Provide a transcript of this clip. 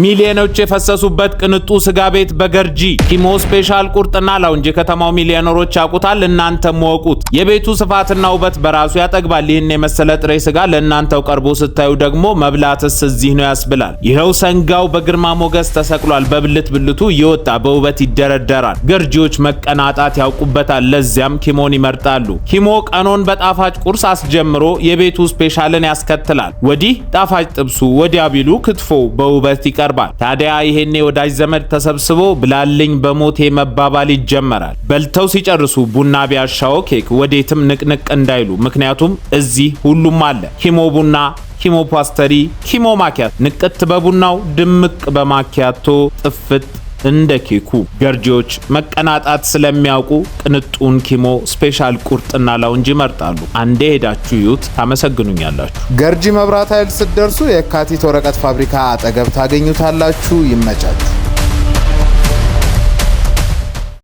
ሚሊዮኖች የፈሰሱበት ቅንጡ ስጋ ቤት በገርጂ ኪሞ ስፔሻል ቁርጥና ላውንጅ የከተማው ሚሊዮነሮች ያውቁታል፣ እናንተም ወቁት። የቤቱ ስፋትና ውበት በራሱ ያጠግባል። ይህን የመሰለ ጥሬ ስጋ ለእናንተው ቀርቦ ስታዩ ደግሞ መብላትስ እዚህ ነው ያስብላል። ይኸው ሰንጋው በግርማ ሞገስ ተሰቅሏል። በብልት ብልቱ እየወጣ በውበት ይደረደራል። ገርጂዎች መቀናጣት ያውቁበታል፣ ለዚያም ኪሞን ይመርጣሉ። ኪሞ ቀኖን በጣፋጭ ቁርስ አስጀምሮ የቤቱ ስፔሻልን ያስከትላል። ወዲህ ጣፋጭ ጥብሱ፣ ወዲያ ቢሉ ክትፎ በውበት ይቀርባል። ታዲያ ይሄኔ ወዳጅ ዘመድ ተሰብስቦ ብላልኝ በሞቴ መባባል ይጀመራል። በልተው ሲጨርሱ ቡና ቢያሻው ኬክ ወዴትም ንቅንቅ እንዳይሉ፣ ምክንያቱም እዚህ ሁሉም አለ። ኪሞ ቡና፣ ኪሞ ፓስተሪ፣ ኪሞ ማኪያቶ። ንቅት በቡናው ድምቅ በማኪያቶ ጥፍት እንደ ኬኩ ገርጂዎች መቀናጣት ስለሚያውቁ ቅንጡን ኪሞ ስፔሻል ቁርጥና ላውንጅ ይመርጣሉ። አንዴ ሄዳችሁ ዩት ታመሰግኑኛላችሁ። ገርጂ መብራት ኃይል ስትደርሱ የካቲት ወረቀት ፋብሪካ አጠገብ ታገኙታላችሁ። ይመጫችሁ።